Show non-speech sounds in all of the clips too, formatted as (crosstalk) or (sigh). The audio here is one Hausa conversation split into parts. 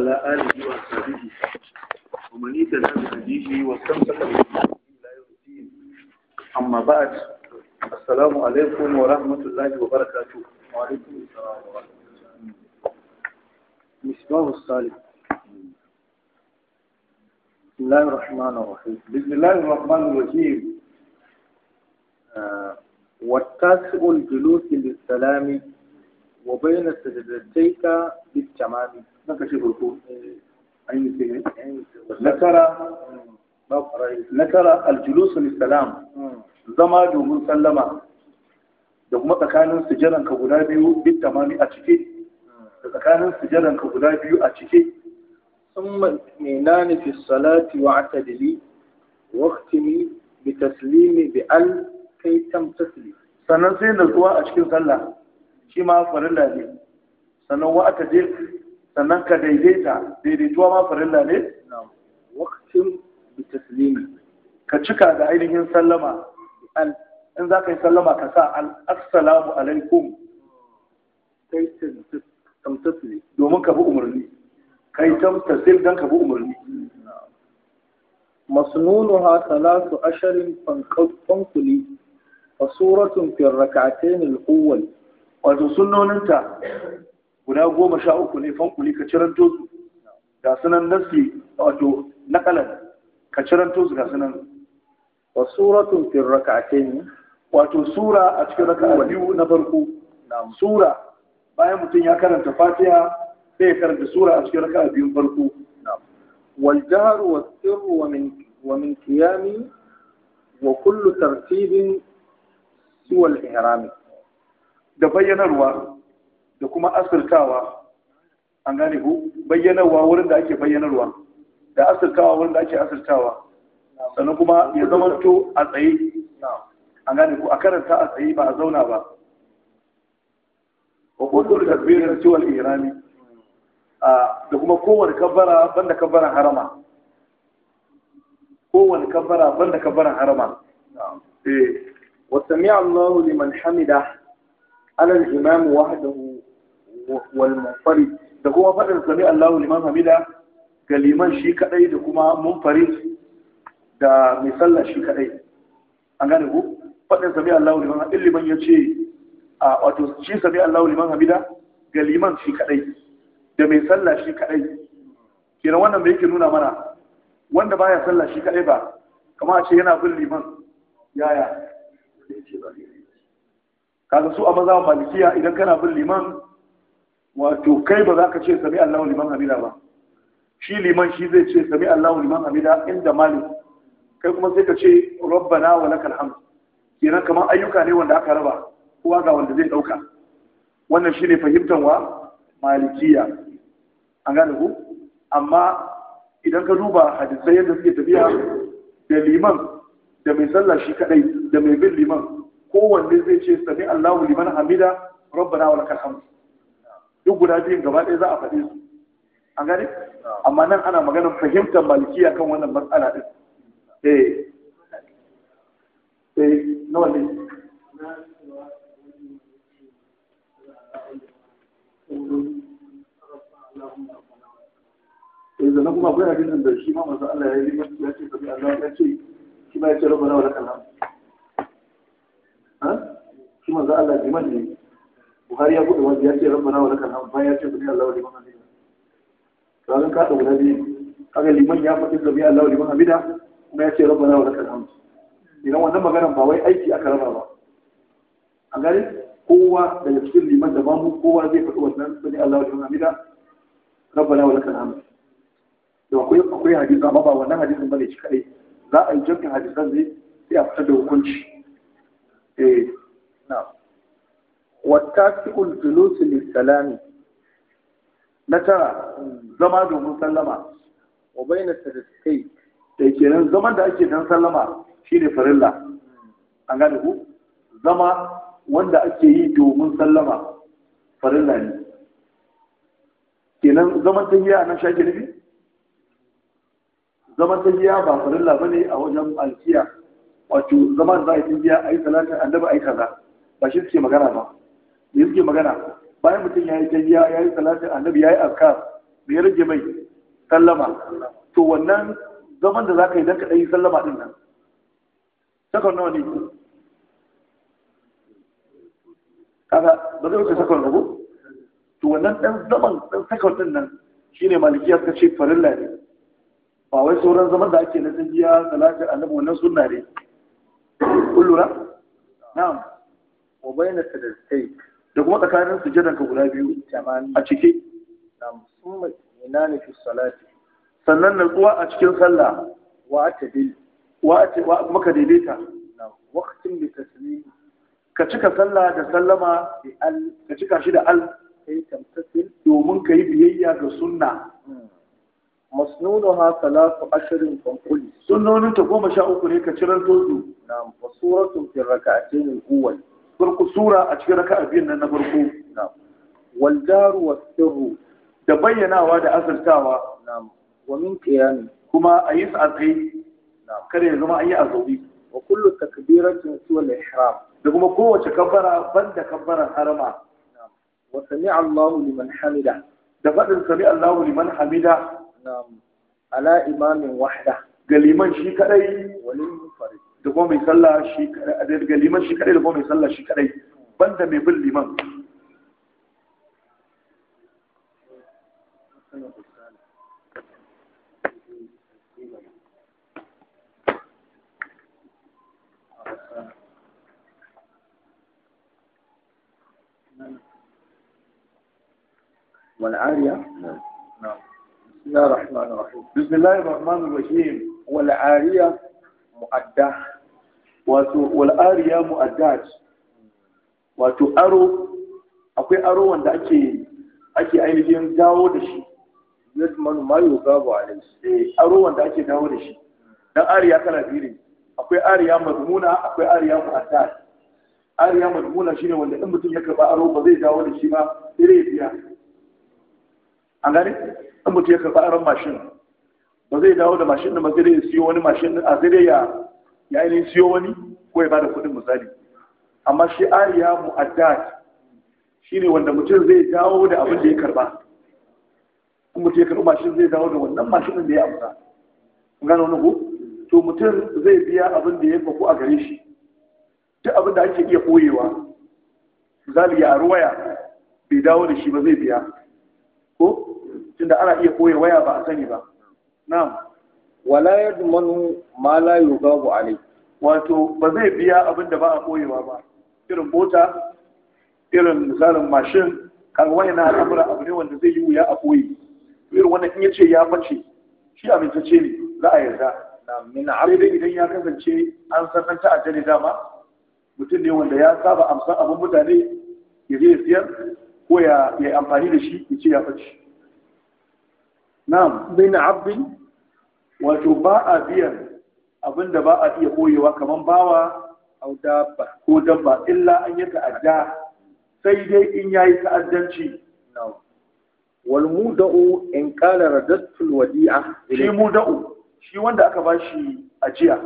وعلى آله وصحبه ومن يتبع هديه واستمسك بسنته إلى يوم الدين أما بعد السلام عليكم ورحمة الله وبركاته وعليكم السلام ورحمة الله مصباح الصالح بسم الله الرحمن الرحيم بسم الله الرحمن الرحيم آه، والتاسع الجلوس للسلام وبين سجدتيك بالتمام saka shi farko aljulusu zama domin sallama da kuma tsakanin sujaran ka guda biyu duk tamami a cike da tsakanin sujaran ka guda biyu a cike ثم اثنينان في الصلاة واعتدلي واختمي بتسليم بأل كي تمتثلي sannan sai natsuwa a cikin sallah shi ma farilla ne sannan sannan ka daidaita daidaituwa ma farilla ne waqtin bi taslimi ka cika da ainihin sallama in za ka yi sallama ka sa al'asalamu alaikum kai tamtasili domin ka bi umarni kai tamtasil don ka bi umarni مسنونها ثلاث أشهر فانقلي a في الركعتين الأول wato أنت guda goma sha uku ne fankuli ka ciran tozu ga sunan nasi wato nakalan ka ciran tozu ga sunan wa suratun fi rak'atayn wato sura a cikin raka'a biyu na farko sura bayan mutum ya karanta fatiha sai ya karanta sura a cikin raka'a biyu farko wal jahr wa sirr wa min wa min qiyami wa kullu tartibin siwa al da bayyanarwa da kuma asirtawa an gane ku bayyanarwa wurin da ake bayyanarwa da asirtawa wurin da ake asirtawa sannan kuma ya to a tsaye an gane ku a karanta a tsaye ba a zauna ba wa kodin tasbirin ciwon irami da kuma kowane kabbara banda kabbaran harama kowane kabbara banda kabbaran harama eh wa sami'a Allahu liman hamida ala al-imam wahdahu wal munfarid da kuma fadar sami Allahu man hamida ga shi kadai da kuma munfarid da mai sallah shi kadai an gane ku fadar sami Allahu liman hamida liman ya ce a wato shi sami Allahu man hamida ga shi kadai da mai sallah shi kadai kenan wannan bai yake nuna mana wanda baya sallah shi kadai ba kamar a ce yana bin liman yaya kaga su a maza malikiya idan kana bin liman wato kai ba za ka ce sami Allahu liman amida ba shi liman shi zai ce sami Allahu liman amida inda malik kai kuma sai ka ce rabbana wa lakal hamd kenan kamar ayyuka ne wanda aka raba kowa ga wanda zai dauka wannan shine fahimtar wa malikiya an gane ku amma idan ka duba hadisai yadda suke tafiya da liman da mai sallah shi kadai da mai bin liman kowanne zai ce sami Allahu liman hamida rabbana wa lakal hamd duk guda biyun gaba ɗaya za a faɗi su an gane amma nan ana maganin fahimtar malikiya kan wannan matsala ɗin eh eh nawa ne eh zanen kuma akwai hadisin da shi ma masu Allah ya yi ya ce sabi Allah ya ce shi ma ya ce rabu na lakal hamd ha shi manzo Allah ji manne buhari ya kudu wanda ya ce rabbana wa lakal hamd bayan ya ce Allah wa liman hamida to an ka guda biyu kaga liman ya faɗi Allah wa liman hamida kuma ya ce rabbana wa lakal hamd idan wannan maganar ba wai aiki aka raba ba a gari kowa daga cikin liman da mamu kowa zai faɗi wannan Allah wa liman hamida rabbana wa lakal hamd to akwai akwai hadisi amma ba wannan hadisin bane shi kadai za a yi jam'in hadisan ne sai a fitar da hukunci eh na'am والتاسع الجلوس na tara zama domin sallama wa bayna tadakkai da kenan zaman da ake dan sallama shine farilla an gane ku zama wanda ake yi domin sallama farilla ne kenan zaman ta tahiya nan shake nufi zaman ta tahiya ba farilla bane a wajen alkiya wato zaman za a yi tahiya a yi salatin annabi a yi kaza ba shi suke magana ba ya yi magana bayan mutum ya yi tahiya ya yi salatin annabi ya yi azkar me ya rage mai sallama to wannan zaman da za ka yi don kaɗai, yi sallama ɗin nan sakon nawa ne kaga ba zai wuce sakon rubu to wannan ɗan zaman ɗan sakon ɗin nan ne malikiya suka ce farilla ne ba wai sauran zaman da ake na tahiya salatin annabi wannan sunna ne kun lura na'am wa bayyana take da kuma tsakanin sujadan ka guda biyu a cike sannan natsuwa a cikin sallah wa tadil wa wa maka daidaita waqtin bi taslim ka cika sallah da sallama bi al ka cika shi da al kai tamtasil domin kai biyayya ga sunna hmm. masnunuha salatu ashrin fanqul sunnonin ta goma sha uku ne ka ciranto su na wasuratun fi raka'atayn al-awwal farko sura a cikin raka'a biyun nan na farko wal daru was sirru da bayyanawa da asirtawa na'am wa min qiyam kuma a yi sa tsaye kada ya zama an yi azabi wa kullu takbiratin suwa al-ihram da kuma kowace kabbara banda kabbaran harama wa sami'a Allahu liman hamida da faɗin sami Allahu liman hamida ala imamin wahda Galiman shi kadai walin farid da kuma mai sallah shi daga liman shi kadai da kuma mai sallah shi kadai banda mai bin liman والعارية نعم نعم بسم الله الرحمن الرحيم بسم الله الرحمن الرحيم والعارية مؤدة wato wal'ariya mu'addat wato aro akwai aro wanda ake ake ainihin dawo da shi yadman ma yugabu ne eh, aro wanda ake dawo da shi dan ariya kana biyu ne akwai ariya madmuna akwai ariya mu'addat ariya madmuna shine wanda in mutum ya karba aro ba zai dawo da shi ba sai ya biya an gane in mutum ya karba aron mashin ba zai dawo da mashin da ba zai siyo wani mashin a zai ya ya yi siyo wani ko ya bada kuɗin misali amma shi ariya mu'addat shine wanda mutum zai dawo da abin da ya karba kuma mutum ya karɓi mashin zai dawo da wannan mashin da ya amsa kun gano wani ko to mutum zai biya abin da ya faku a gare shi duk abin da ake iya koyewa misali ya ruwaya bai dawo da shi ba zai biya ko tunda ana iya koyewa waya ba a sani ba na'am wala yadmanu ma la yugabu alai wato ba zai biya abin da ba a koyewa ba irin mota irin misalin mashin kan wani na al'amura abu ne wanda zai yi wuya a koyi irin wannan in ya ce ya bace shi amintacce ne za a yarda min dai idan ya kasance an san ta ajali dama mutum ne wanda ya saba amsan abin mutane ya zai siyar ko ya yi amfani da shi ya ce ya bace na'am bin abin wato ba a biyan abin da ba a iya koyewa kamar bawa ko dabba illa an yi ta'adda sai dai in ya yi ta'addanci wal muda'u in qala radattul wadi'a shi muda'u shi wanda aka bashi ajiya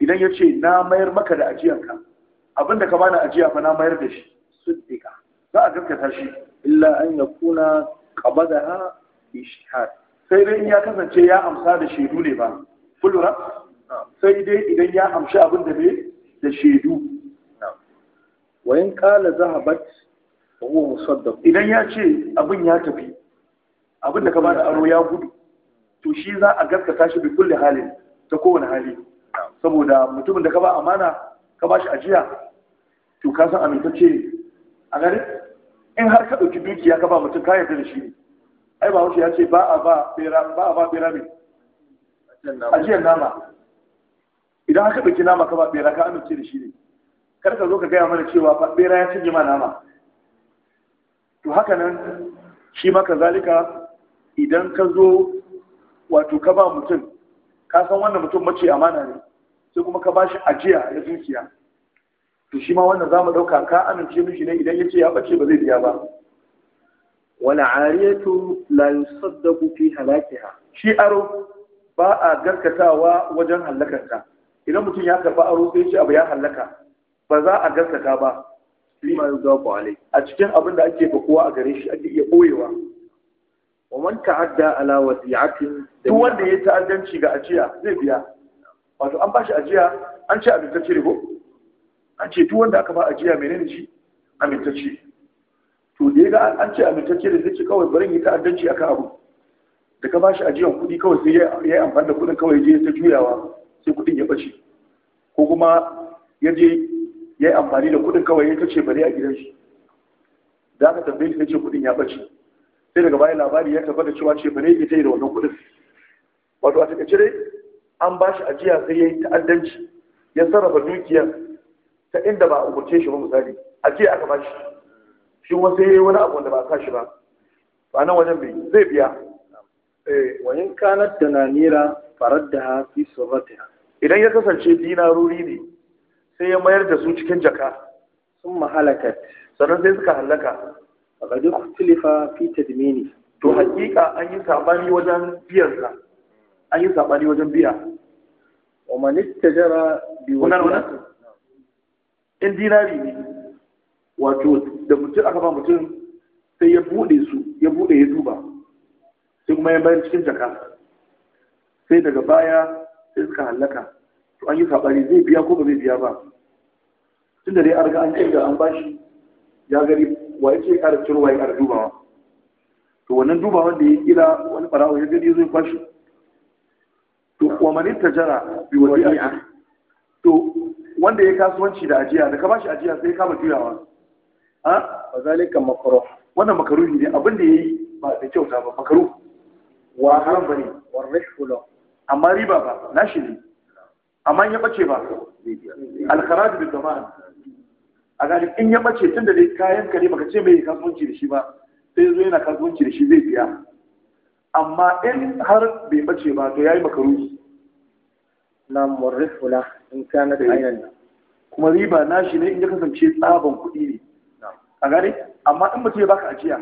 idan ya ce na mayar maka da ajiyarka da ka bani ajiya fa na mayar da shi suddika za a gaskata shi illa an yakuna qabadaha bi shahada sai dai in ya kasance ya amsa da shaidu ne ba kullura sai dai idan ya amshi abin da ne da shaidu wa kala zahabat wa huwa musaddaq idan ya ce abin ya tafi abin da ka bada aro ya gudu to shi za a gaskata shi bi kulli halin ta kowane hali saboda mutumin da ka ba amana ka ba shi ajiya to ka san amintacce a gare in har ka ɗauki dukiya ka ba mutum ka yarda da shi ne ai ba wuce ya ce ba a ba bera ba a ba ne ajiyar nama idan aka ɗauki nama ka ba bera ka amince da shi ne kar ka zo ka gaya mana cewa ba bera ya ci jima nama to haka nan shi maka zalika idan ka zo wato ka ba mutum ka san wannan mutum mace amana ne sai kuma ka ba shi ajiya na zuciya to shi ma wannan za mu ɗauka ka amince mishi ne idan ya ce ya ɓace ba zai biya ba wala ariyatu la yusaddaqu fi halakiha shi aro ba a garkatawa wajen hallakarta idan mutum ya karba aro sai shi abu ya hallaka ba za a gaskata ba lima yudafu alai a cikin abin da ake fakuwa a gare shi ake iya boyewa wa man ta'adda ala wasi'atin duk wanda ya yi ta'addanci ga ajiya zai biya wato an bashi ajiya an ce abin ta cire ko an ce duk wanda aka ba ajiya menene shi amintacce to da ya ga an ce amintacce da zai kawai barin yi ta'addanci a kan abu da ka ba shi ajiyar kuɗi kawai sai ya yi amfani da kuɗin kawai je ta juyawa sai kuɗin ya ɓace ko kuma ya je ya yi amfani da kuɗin kawai ya ta ce bari a gidan shi da aka tambaye shi ce kuɗin ya ɓace sai daga baya labari ya tabbata cewa ce bari ya ta yi da wannan kuɗin wato a takaice dai an ba shi ajiya sai ya yi ta'addanci ya sarrafa dukiyar ta inda ba a umarce shi ba misali ajiya aka bashi shi wasu sai yayi wani abu da ba sa shi ba Ba nan wajen bai zai biya eh. kanar da na nira farar da fi surratiha idan ya kasance dinarori ne sai ya mayar da su cikin jaka sun mahalakat sannan sai suka halaka faqad kutulifa fi tadmini to hakika an yi sabani wajen biyan sa an yi sabani wajen biya wa man biyu wani wani in dinari ne wato da mutum aka ba mutum sai ya bude su ya bude ya duba sai kuma ya bayar cikin jaka sai daga baya sai suka hallaka to an yi sabari zai biya ko ba zai biya ba tunda dai an ga an kirga an bashi ya gari wa yake ƙara cirowa ya ƙara dubawa to wannan dubawa da ya kira wani ɓarawo ya gani zai kwashi to wa manin tajara bi wadi'a to wanda ya kasuwanci da ajiya da ka bashi ajiya sai kama juyawa ha ba zalika makaro. wannan makaruhi ne abin da yayi ba da kyauta ba makaru wa haram bane wa rihlu amma riba ba nashi ne amma ya bace ba al kharaj bi zaman a gani in ya bace tunda dai kayan ka ne baka ce mai kasuwanci da shi ba sai zo yana kasuwanci da shi zai biya amma in har bai bace ba to yayi makaruhi na murrifula in kana da ayyana kuma riba nashi ne in ya kasance tsaban kuɗi ne a gane amma in mutum ya baka ajiya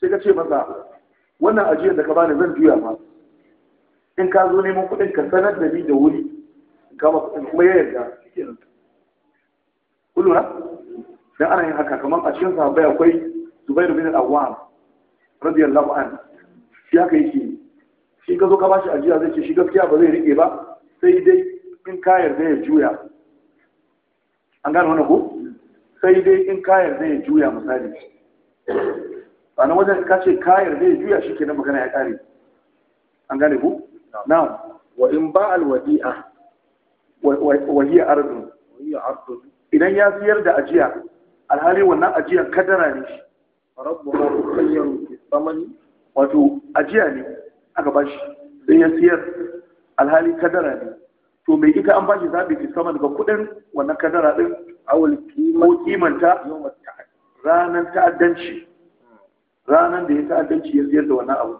sai ka ce masa wannan ajiyar da ka bani zan juya ma in ka zo neman kuɗin ka sanar da ni da wuri in ba kuɗin kuma ya yarda kullum na dan ana yin haka kamar a cikin sahabbai akwai Zubairu bin Al-Awwam radiyallahu anhu shi haka yake shi ka zo ka bashi ajiya zai ce shi gaskiya ba zai rike ba sai dai in ka yarda ya juya an gane wannan ko sai dai in kayar zai juya misali sannan wajen ka ce kayar zai juya shi kenan magana ya kare an gane ku na wa in ba alwadi'a wa hiya idan ya siyar da ajiya alhali wannan ajiyar kadara ne shi rabbu ma yukhayyaru wato ajiya ne aka shi zai ya siyar alhali kadara ne to mai ita an bashi zaɓi fi saman ga kudin wannan kadara ɗin? awul ko kimanta ranar ta'addanci ranar da ya ta'addanci ya siyar da wannan abu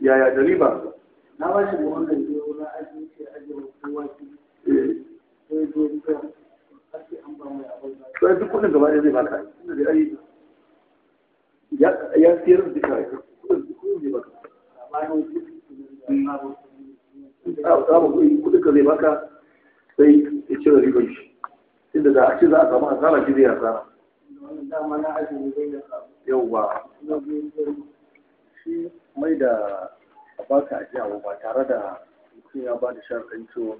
yaya da riba na ba shi wanda ya zo na aji ce aji wa kowa ki sai zo duka ake an ba mai abin da sai duk kudin gaba ɗaya zai baka ya siyar da duka kudin duk kudin zai baka za mu kuɗi kuɗin ka zai baka sai ya cire ribar shi inda da a ce za a samu asara shi zai asara ba shi mai da a baka ajiyawa ba tare da mutum ya ba da shan cewa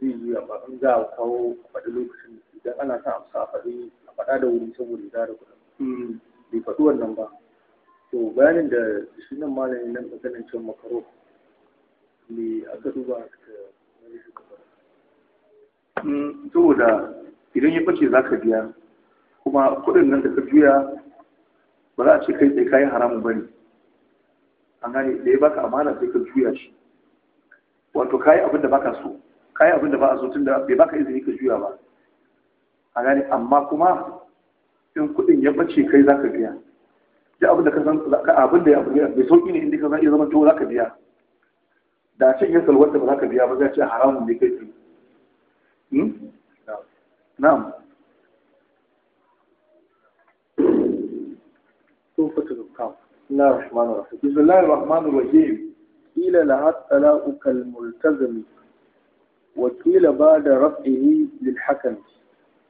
zai yi amma in za a kawo a faɗi lokacin idan ana sa amsa a faɗi a faɗa da wuri saboda ya da kuɗin hmm. bai faɗi wannan ba to bayanin da shi nan malamin nan maganin can makaro me aka duba aka wani suka fara mm, saboda idan ya bace za ka biya kuma kuɗin nan da ka juya ba za a ce kai tsaye kayan haramun ba ne an gane da ya baka amana sai ka juya shi wato kayi abin da baka so kayi abin da ba a so tunda bai baka izini ka juya ba a gane amma kuma in kuɗin ya bace kai za ka biya duk abin da ka san ka abin da ya mai sauki ne inda ka san iya zama to zaka biya da cin ya salwata ba zaka biya ba zai ce haramun ne kai tsaye hmm? na'am tufatul kaf na rahmanur rahim bismillahir rahmanir rahim qila la hatala ukal multazami wa qila ba da raf'ihi lil hakan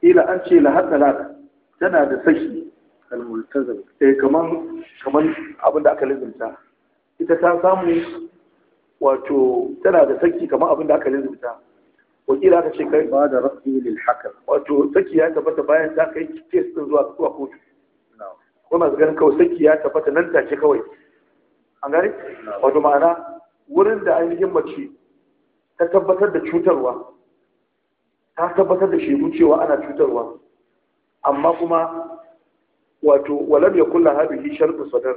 qila an ce la hatala tana da sashi al-multazam eh kaman kaman abin da aka lizumta ita ta samu wato tana da saki kaman abin da aka lizumta wakila aka ce kai ba da rafi lil hakam wato saki ya tabbata bayan ta kai case din zuwa zuwa kotu kuma masu ganin kawai saki ya tabbata nan ta take kawai an gani? wato ma'ana wurin da ainihin mace ta tabbatar da cutarwa ta tabbatar da shaidu cewa ana cutarwa amma kuma wato walam kula laha bihi shartu sadar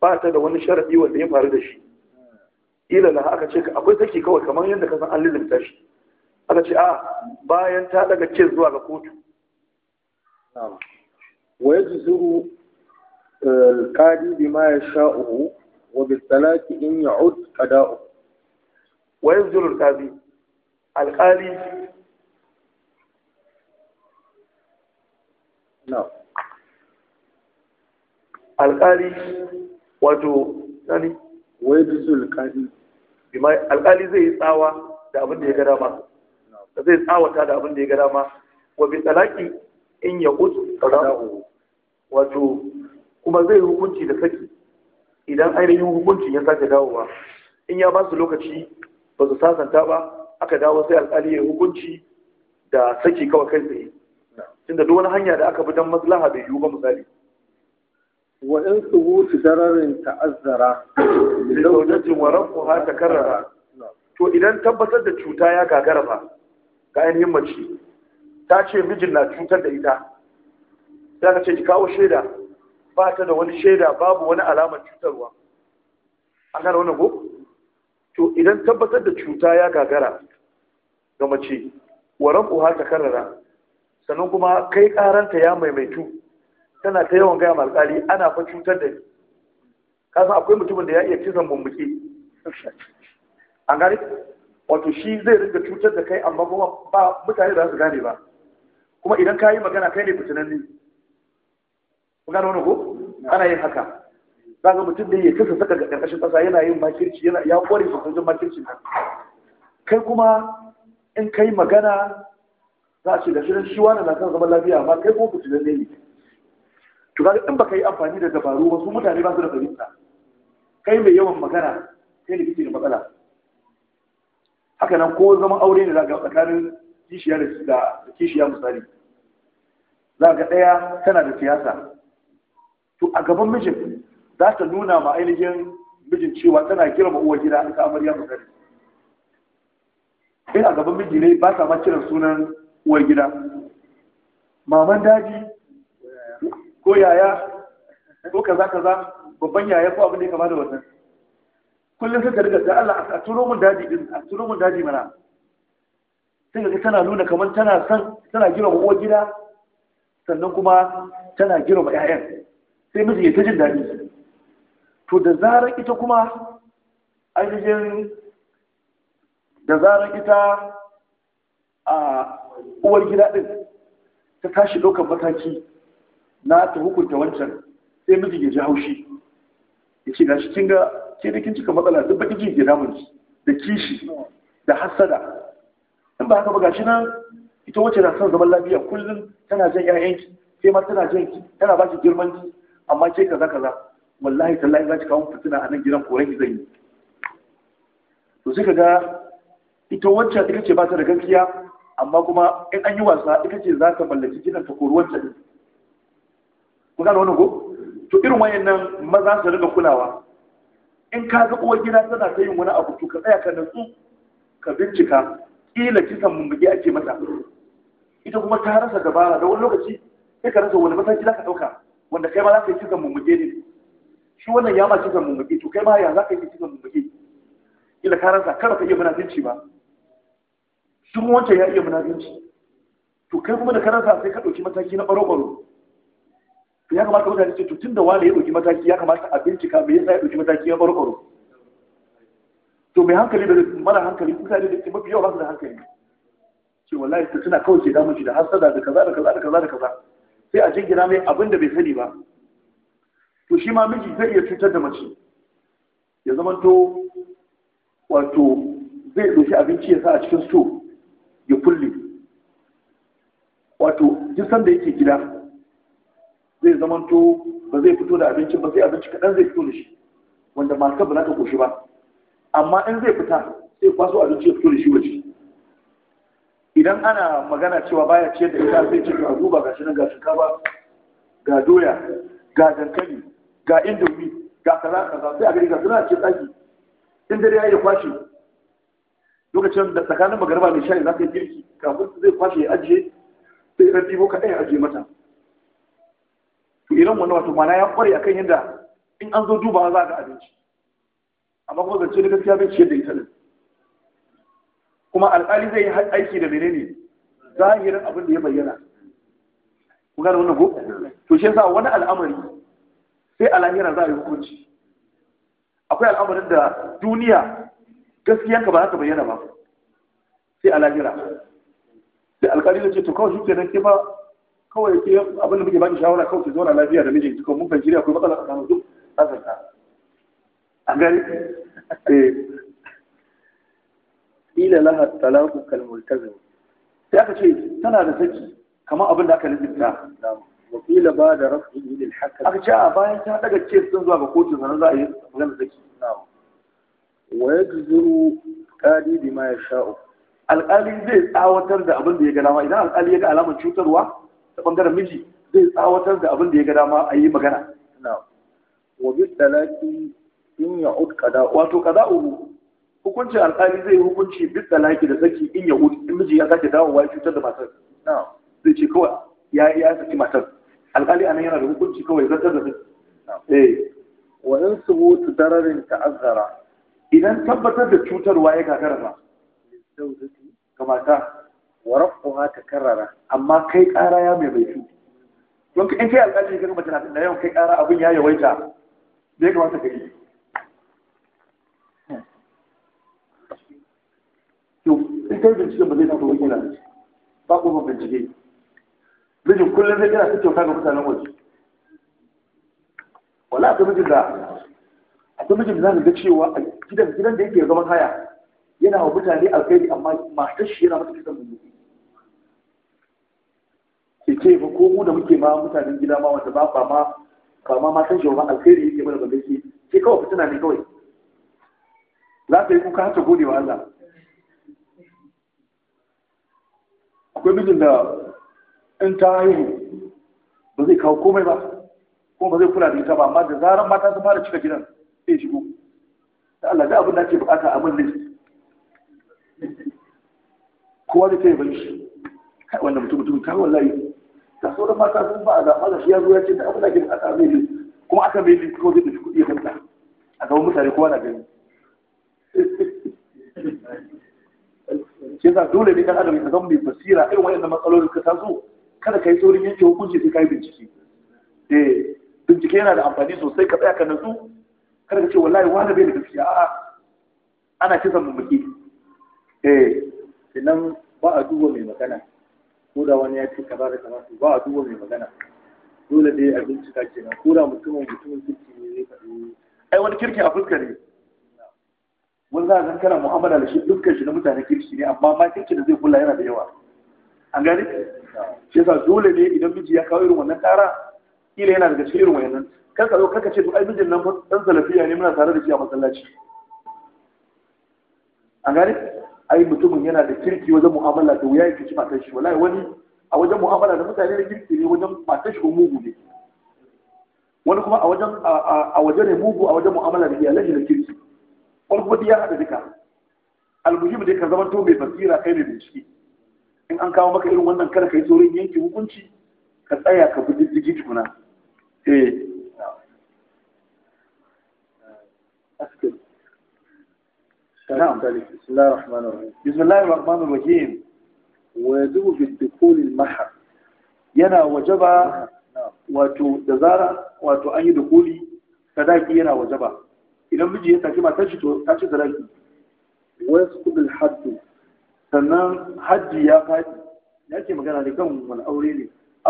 ba ta da wani sharadi wanda ya faru da shi ila na, aka ce akwai saki kawai kamar yadda ka san an lilimta shi aka ce a bayan ta daga ce zuwa ga kotu wa yajzuru alqadi eh, bima Sha'u wa bil talaqi in ya'ud qada'u wa yajzuru alqadi alqali na'am alƙali wato sani wai bisu alƙali alƙali zai yi tsawa da abin da ya gada ma zai tsawata da abin da ya gada ma wa bi talaki in ya kutu qada'u wato kuma zai hukunci da saki idan ainihin hukunci ya sake dawowa in ya ba su lokaci ba su sasanta ba aka dawo sai alƙali ya hukunci da saki kawai kai tsaye tunda duk wani hanya da aka bi don maslaha bai yiwu ba misali وإن ثبوت ضرر تعذر لزوجة وربها تكرر to idan tabbatar da cuta ya gagara ba, ga ainihin mace ta ce mijin na cutar da ita za ka ce ki kawo shaida ba ta da wani shaida babu wani alamar cutarwa a gane wani ko to idan tabbatar da cuta ya gagara ga mace wa ha ta karara sannan kuma kai karanta ya maimaitu tana ta yawan gaya ma alƙali ana fa cutar da ni kasan akwai mutumin da ya iya cizon bumbuke an gani? wato shi zai rinka cutar da kai amma kuma ba mutane da su gane ba kuma idan ka yi magana kai ne fitinan ne ku gane wani ko ana yin haka za ka mutum da ya kasa saka ga ƙarƙashin ƙasa yana yin makirci yana ya kware su sun makirci kai kuma in kai magana za a ce da shirin shi wani na kan zaman lafiya amma kai kuma fitinan ne to kaga in baka yi amfani da dabaru wasu mutane ba su da fahimta kai mai yawan magana sai ne kike da matsala haka nan ko zaman aure ne zaka tsakanin kishiya da kishiya misali zaka daya tana da siyasa to a gaban mijin za ta nuna ma ainihin mijin cewa tana girma uwar gida ita amarya misali in a gaban miji ne ba ta ma kiran sunan uwar gida maman daji ko yaya ko kaza kaza babban yaya ko abin da ya kama da wannan kullum sai ta riga da Allah a turo mun daji din a turo mun daji mana sai ga tana nuna kamar tana san tana girma uwar gida sannan kuma tana girma 'ya'yan. sai miji ya ta jin daɗi to da zarar ita kuma ainihin da zarar ita a uwar gida ɗin ta tashi ɗaukar mataki na ta hukunta wancan sai miji ya ji haushi ya ce gashi kin ga ke da kin cika matsala duk bakin jin ke damun da kishi da hasada in ba haka ba gashi nan ita wacce na son zaman lafiya kullum tana jan ƴaƴanki sai ma tana jan ki tana ba ki girman ki amma ke kaza kaza wallahi tallahi za ki kawo fitina a nan gidan koren ki zan yi to sai ka ga ita wacce ita ce ba ta da gaskiya amma kuma in an yi wasa ita ce za ta mallaki gidan ta koruwar ta ku gane wani ko to irin wayannan maza su riga kulawa in ka ga uwar gida tana ta yin wani abu to ka tsaya ka natsu ka bincika kila kisan mummuke ake mata ita kuma ta rasa dabara da wani lokaci sai ka rasa wani mataki za ka ɗauka wanda kai ma za ka yi kisan mummuke ne shi wannan ya ma kisan mummuke to kai ma ya za ka yi kisan mummuke kila ka rasa kada ka iya munafinci ba shi wancan ya iya munafinci to kai kuma da ka rasa sai ka ɗauki mataki na ɓaro-ɓaro ya kamata mutane ce tutun da wani ya ɗauki mataki ya kamata a bincika me yasa ya ɗauki mataki ya ɓarɓaro? to mai hankali da mara hankali mutane da mafi yawa su da hankali ce wallahi to tana kawai ke damun shi da hasada da kaza da kaza da kaza da kaza sai a jingina mai abin da bai sani ba to shi ma miji zai iya cutar da mace ya zama to wato zai ɗauki abinci ya sa a cikin sto ya kulle wato duk sanda yake gida zai zamanto ba zai fito da abincin ba sai abinci kaɗan zai fito da shi wanda matar ba za ta koshi ba amma in zai fita sai kwaso abinci ya fito da shi waje idan ana magana cewa baya ciyar da ita sai ce ga duba ga shi nan ga shinkafa ga doya ga dankali ga indomi ga kaza kaza sai a gari ga suna ce tsaki in dare ya yi kwashe lokacin da tsakanin magarba mai shayi za ka yi girki kafin zai kwashe ya ajiye sai ya ɗibo kaɗai ya ajiye mata irin wannan wato mana ya kware akan yadda in an zo dubawa za ga abinci amma kuma zance da gaskiya bai ciyar da ita ne, kuma alƙali zai yi aiki da menene zahirin abin da ya bayyana ku gane wannan ko to shi yasa wani al'amari sai a lahira za a yi hukunci akwai al'amarin da duniya gaskiyanka ba za ta bayyana ba sai a lahira sai alƙali zai ce to kawai shi kenan ke ba kawai ke abin da muke baki shawara kawai ki zauna lafiya da miji ki mun fahimci akwai matsala tsakanin duk azarta an gari! eh ila laha talaqu kal multazim sai aka ce tana da saki kamar abin da aka lizinta wa qila ba da rafi'i lil hakka aka ce a bayan ta daga ce sun zuwa ga kotu sanan za a yi magana saki wa yajzuru qadi bima yasha'u alƙali zai tsawatar da abin da ya ga dama idan alƙali ya ga alamar cutarwa ta bangaren miji zai tsawatar da abin da ya ga dama a yi magana wa bi talaki in ya ud qada wato qada uku, hukunci alƙali zai yi hukunci bi talaki da saki in ya ud in miji ya sake dawowa ya cutar da matar zai ce kawai ya ya saki matar alƙali anan yana da hukunci kawai zartar da saki eh wa in subutu dararin ta'azzara idan tabbatar da cutarwa ya gagara ba ga mata wa ta takarrara amma kai ƙara ya mai baitu don in kai alƙalin ka kuma tunanin da yau kai ƙara abin ya yawaita da ya kamata ka yi to in kai bincike ba zai tafi wakila ba ko ban bincike mijin kullum zai gina ta kyauta ga mutanen waje wala akwai mijin da akwai mijin da na ga cewa a gidan gidan da yake zaman haya yana wa mutane alkhairi amma matar shi yana mata kisan mummuki ce fa, ko mu da muke ma mutanen gida ma wanda ba ba ma kama ma san shi alkhairi yake mana bazai ke ke kawai fitina ne kawai za ka yi kuka ta gode wa Allah akwai mijin da in ta haihu ba zai kawo komai ba ko ba zai kula da ita ba amma da zarar mata sun fara cika gidan sai shigo da Allah da abin da ake bukata a mun ne. kowa ta yi ban shi kai wannan mutum mutum ta wallahi ta sauran mata sun ba a zaɓa da shi ya zo ya ce da abu da ke da zai bi kuma aka mai bi ko zai shi kuɗi ya a gaban mutane kowa na gani shi yasa dole ne kan adam ya zama mai basira irin da matsalolin ka taso kada ka yi saurin yanke hukunci sai ka yi bincike eh, bincike yana da amfani sosai ka tsaya ka natsu kada ka ce wallahi wani bai da gaskiya a'a ana kisan mummuki eh sannan ba a duba mai magana ko da wani ya ce kaza da kaza ba a duba mai magana dole dai a bincika kenan ko da mutumin mutumin kirki ne zai faɗi ai wani kirki a fuska ne wani za a san kana mu'amala da shi dukkan shi na mutane kirki ne amma ma kirki da zai kula yana da yawa an gani shi yasa dole ne idan miji ya kawo irin wannan tsara kila yana daga cikin irin wayannan kar ka zo kar ka ce to ai mijin nan dan salafiya ne muna tare da shi a masallaci an gani ai mutumin yana da kirki wajen mu'amala da wuya yake ci matar shi wallahi wani a wajen mu'amala da mutane da kirki ne wajen matar shi ko mugu ne wani kuma a wajen a wajen ne mugu a wajen mu'amala da iyalan shi da kirki wani kuma ya haɗa duka almuhim dai ka zama to mai basira kai mai bincike in an kawo maka irin wannan kar ka yi saurin yanke hukunci ka tsaya ka bi diddigi tukuna eh askin نعم بسم الله الرحمن الرحيم بسم الله الرحمن الرحيم ويجب في الدخول المحر yana wajaba wato da zara wato an yi dukuli sadaki yana wajaba idan miji ya saki matar shi to ta ci sadaki wasu kudin haddu sannan hajji ya faɗi ya ce magana da kan wani aure ne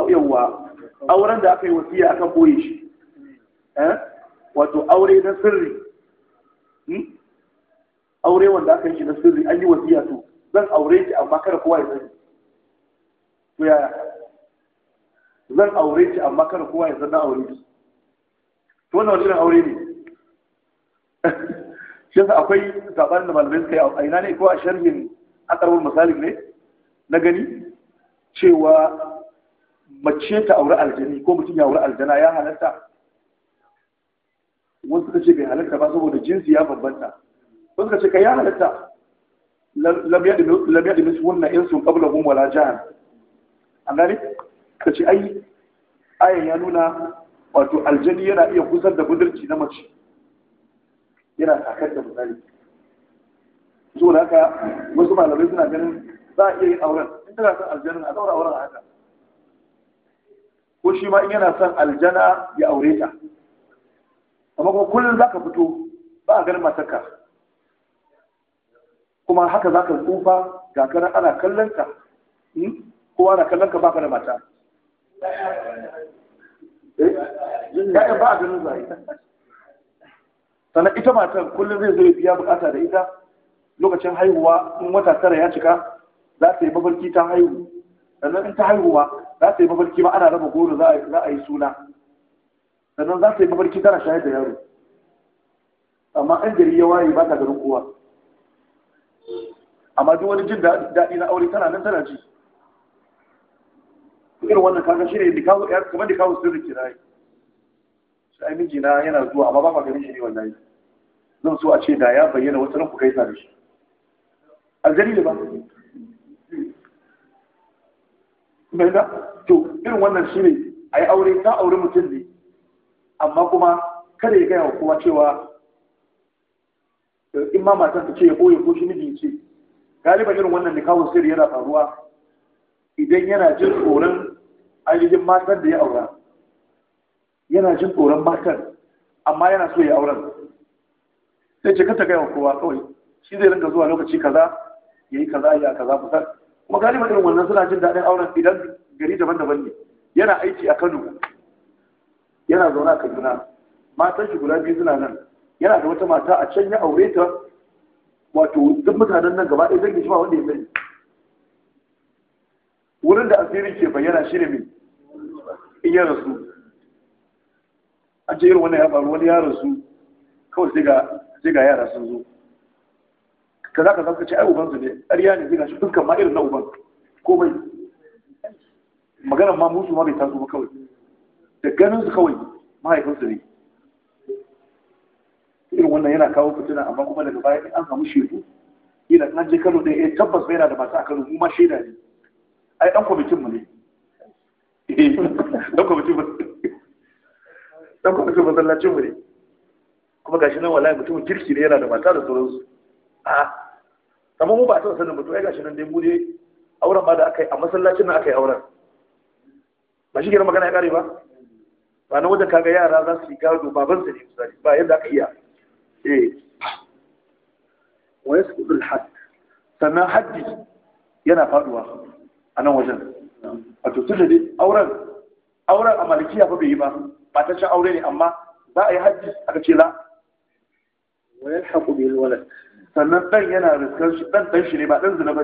yawwa auren da aka yi wasiya aka koye shi wato aure na sirri aure wanda aka yi shi na sirri an yi wasiya to zan aure ki amma kada kowa ya sani to ya zan aure ki amma kada kowa ya sani aure ki to wannan wani aure ne (laughs) shi sa akwai sabanin da malamai suka yi a ina ne ko a sharhin akarwar misalin ne na gani cewa mace ta aure aljani ko mutum ya aure aljana ya halatta wasu suka ce bai halatta ba saboda jinsi ya bambanta suka ce ka ya halatta lam yadi misu wannan insun qabla gun wala jihar. an gani, ka ce ai ayan ya nuna wato aljani yana iya kusan da budurci na mace yana kakar da misali so da haka wasu malamai suna ganin za a iya yin auren in tana son aljani a daura auren haka ko shi ma in yana son aljana ya aure ta amma kuma kullum za ka fito ba a ganin matakar kuma haka za ka tsufa ga kana ana kallon ka hmm? kowa na kallon ka baka da mata eh? ya'yan ba a ganin zai sannan ita matan kullum zai zo ya biya bukata da ita lokacin haihuwa in wata tara ya cika za ta yi mafarki ta haihu sannan in ta haihuwa za ta yi mafarki ma ana raba goro za a yi suna sannan za ta yi mafarki tana shayar da yaro amma an gari ya waye ba ta ganin kowa amma duk wani jin daɗi na aure tana nan tana ji irin wannan kaga shi ne kamar da kawo sirri ke rayu shi ai mijina yana zuwa amma ba ma gani shi ne wallahi zan so a ce da ya bayyana wata ran ku gaisa da shi A ne ba mai da to irin wannan shi ne a yi aure ta aure mutum ne amma kuma kada ya gaya wa kowa cewa eh, in ma matan ta ce ya ɓoye ko shi mijin ce galiba irin wannan nikahun sirri yana faruwa idan yana jin tsoron ainihin matan da ya aura yana jin tsoron matan amma yana so ya auren sai ce kata gaya kowa kawai shi zai rinka zuwa lokaci kaza ya yi kaza ya kaza kusa kuma galiba irin wannan suna jin daɗin auren idan gari daban-daban ne yana aiki a kano yana zaune a kaduna matan shi guda biyu suna nan yana da wata mata a can ya aure ta wato duk mutanen nan gaba ɗaya zai shi ba wanda ya sani wurin da asiri ke bayyana shi ne mai in ya rasu an ce irin wannan ya faru wani ya rasu kawai sai ga yara sun zo ka za ka zaka ce ai ubansu ne ƙarya ne sai ga shi dukkan ma irin na uban komai maganar ma musu ma bai taso ba kawai da ganin su kawai mahaifinsu ne irin wannan yana kawo fitina amma kuma daga baya in an samu shedu Ina, na je Kano ɗaya eh tabbas yana da masu a Kano mu ma shaida ne ai ɗan kwamitin mu ne eh, ɗan kwamitin mu dan kwamitin masallacin mu ne kuma gashi nan wallahi mutum kirki ne yana da mata da sauransu a amma mu ba a san sanin mutum ai gashi nan dai mu ne auren ma da aka yi a masallacin nan aka yi auren ba shi gina magana ya kare ba ba na wajen kaga yara za su yi gado baban ne misali ba yadda aka iya wa ya sannan haddi yana faduwa a nan wajen a tutun da auren a malikiya ba bai yi ba ta can aure ne amma za a yi haddi aka la sannan ɗan yana ne ba ɗan zina ba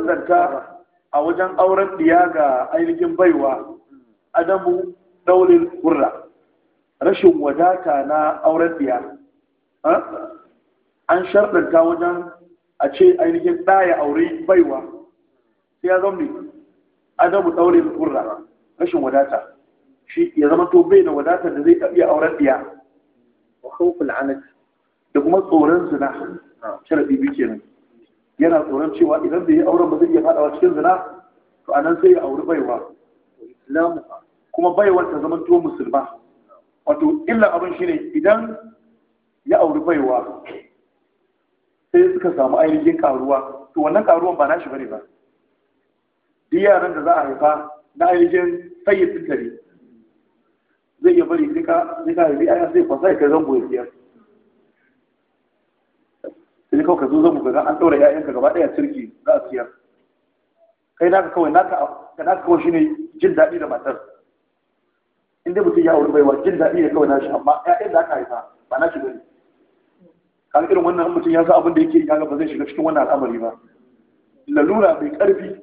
ne a wajen auren ga ainihin baiwa adamu daulin gurra rashin wadata na auren biya an sharɗanta wajen a ce ainihin ɗaya aure baiwa sai ya zama adamu daulin gurra rashin wadata shi ya zama to bai da wadata da zai iya auren biya wa khawful anat da kuma tsoron zina sharadi bi kenan yana tsoron cewa idan bai yi auren ba zai iya fadawa cikin zina to anan sai ya auri baiwa islamuha kuma baiwar ta zama to musulma wato illa abin shi ne idan ya auri baiwa sai suka samu ainihin karuwa to wannan karuwan ba nashi bane ba duk yaran da za a haifa na ainihin sayyid sintari zai iya bari sai ka sai ka haifi ayan sai kwasa ya kai zango ya siyar sai kawai ka zo zango ka ga an ɗaura 'ya'yanka gaba ɗaya turki za a siyar kai naka kawai naka ga kawo shi ne jin daɗi da matar in dai mutum ya wuri baiwa jin daɗi ne kawai nashi amma ƴaƴan da aka haifa ba nashi bane kan irin wannan mutum ya san abin da yake yi kaga ba zai shiga cikin wannan al'amari ba lalura mai ƙarfi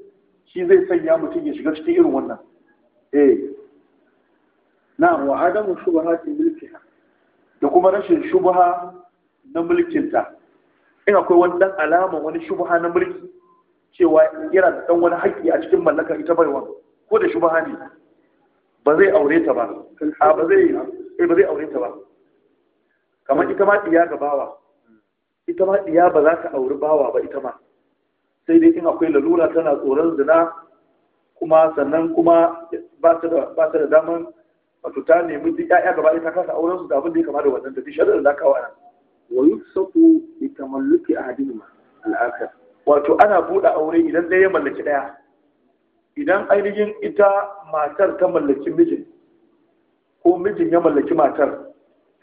shi zai sanya mutum ya shiga cikin irin wannan eh na wa adamu shubahatin mulkiha da kuma rashin shubaha na mulkinta in akwai wani dan alama wani shubaha na mulki cewa yana da ɗan wani haƙƙi a cikin mallakar ita baiwa ko da shi ne ba zai aure ta ba a ba zai eh, ba zai aure ta ba kamar ita ma ɗiya ga bawa ita ma ɗiya ba za ta auri bawa ba ita ma sai dai in akwai lalura tana tsoron zina kuma sannan kuma ba ta da daman wato ta nemi duk ƴaƴa gaba ita kasa auren su da abin da ya kama da wannan tafi shari'ar da wa nan wa yusafu bi tamalluki ahadihima al-akhir wato ana buɗe aure idan ɗaya ya mallaki ɗaya idan ainihin ita matar ta mallaki mijin ko mijin ya mallaki matar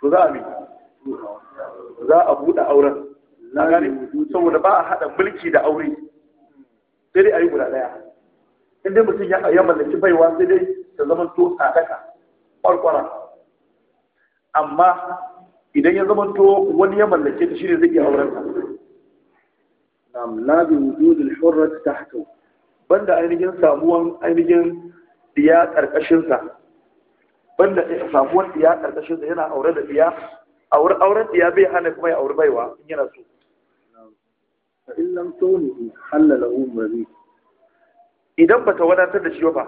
to za a mi za a buɗe auren na gane saboda ba a haɗa mulki da aure sai dai a yi guda ɗaya in dai mutum ya mallaki baiwa sai dai ta zama to sadaka kwarkwara amma idan ya zama to wani ya mallake ta shi ne zai iya auren nam la bi wujud al tahtu banda ainihin samuwan ainihin diya karkashin sa banda samuwan diya karkashin sa yana aure da diya aure auren diya bai hana kuma ya aure baiwa in yana so fa in lam tuni halala umri idan bata wadatar da shi ba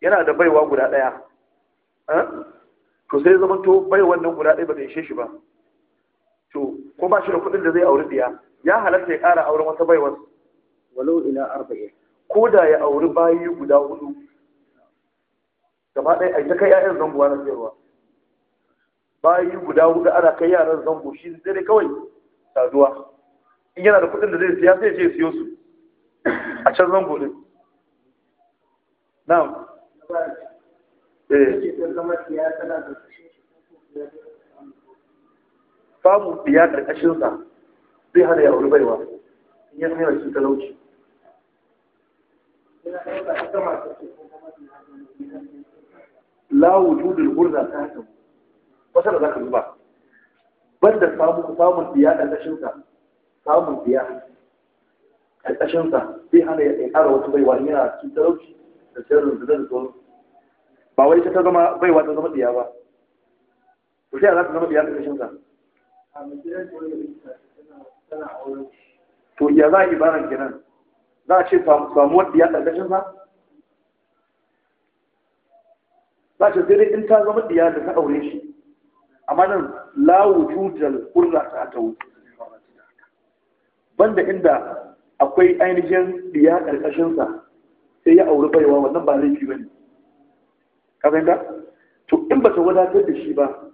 yana da baiwa guda daya to sai zama to bai wannan guda ɗaya ba zai ishe shi ba to ko ba shi da kuɗin da zai auri ɗiya ya halatta ya ƙara auren wata baiwar walau ila arba'in ko da ya auri bayi guda hudu gaba ɗaya a ta kai 'ya'yan zango na sayarwa bayi guda hudu ana kai yaran zango shi dai kawai saduwa in yana da kuɗin da zai siya sai je siyo su a can zango din na'am eh samun biya ƙarƙashinsa zai hana ya auri baiwa in ya san yana cikin talauci la wujudul burza ta haka wata da za ka zuba banda samun samun biya ƙarƙashinsa samun biya ƙarƙashinsa zai hana ya ƙara wasu baiwa in da ba wai baiwa ta zama ba za ta zama ƙarƙashinsa to ya za a yi baran kenan za a ce samuwar ya ƙarƙashin sa za a ce sai dai in ta zama diya da ta aure shi amma nan la wujudal qurra ta wuce banda inda akwai ainihin diya ƙarƙashin sa sai ya auri baiwa wannan ba laifi kafin ka fahimta to in ba ta wadatar da shi ba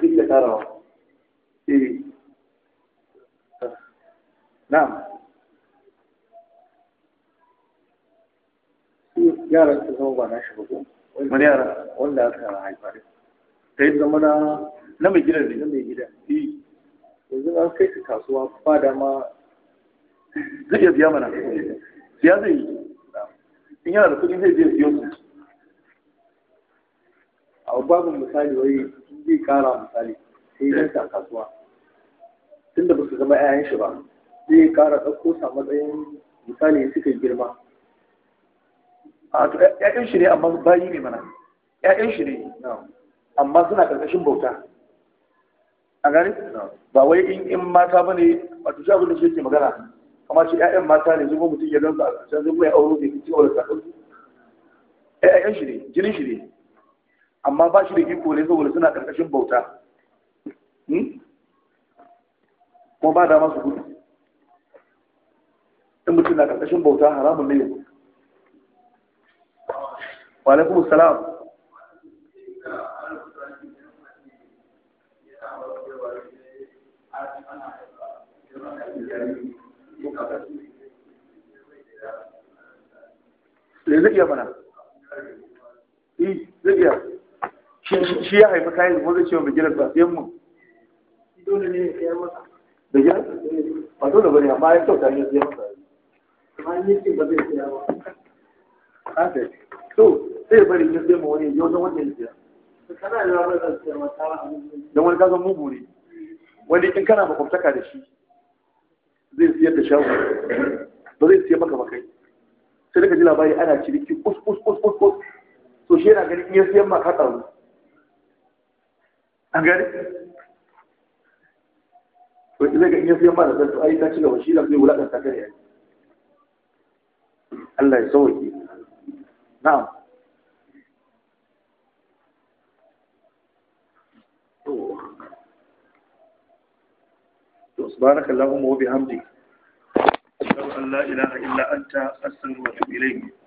zai iya tarawa eh na'am yaran su zama ba shi ba wani yara wanda aka haifa da ta yi zama na na mai gidan ne na mai e, an kai su kasuwa ba da zai iya biya mana siya zai yi in da kuɗi zai je biyo a babin misali wai zai kara misali sai yanka kasuwa tunda ba su zama 'ya'yan shi ba zai ƙara ɗauko a matsayin misali suka girma ya'yan to shi ne amma bayi ne mana Ya'yan shi ne amma suna ƙarƙashin bauta a gani ba wai in in mata bane wato shi abin da shi magana kamar shi 'ya'yan mata ne zuwa mutum ya gansu a can zai ya auro bai ci aure ta ɗauki Ya'yan shi ne jinin shi ne amma ba shi da iko ne saboda suna ƙarƙashin bauta hmm? kuma ba dama su gudu in mutum na ƙarƙashin bauta haramun ne wa alaikum salam zai iya mana e, zai iya shi ya haifi kayan ko zai ce wa mai gidan ba sai mu da gidan ba dole bane amma ya kyauta ne ya masa to sai bari ya sai ma wani yau, wajen wanda ya siya don wani kasan mugu ne wani in kana makwabtaka da shi zai siyar da shago ba zai siya maka makai sai daga ji labari ana ciniki kus kus kus kus kus to shi yana ganin in ya siyan ma ka tsaro an gani to zai ga in ya siyan ma da zarto ai ta ci gaba shi da zai wulaƙanta kare yanzu. Allah ya sauke na'am سبحانك اللهم وبحمدك أشهد أن لا إله إلا أنت أستغفرك إليك